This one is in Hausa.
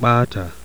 ɓata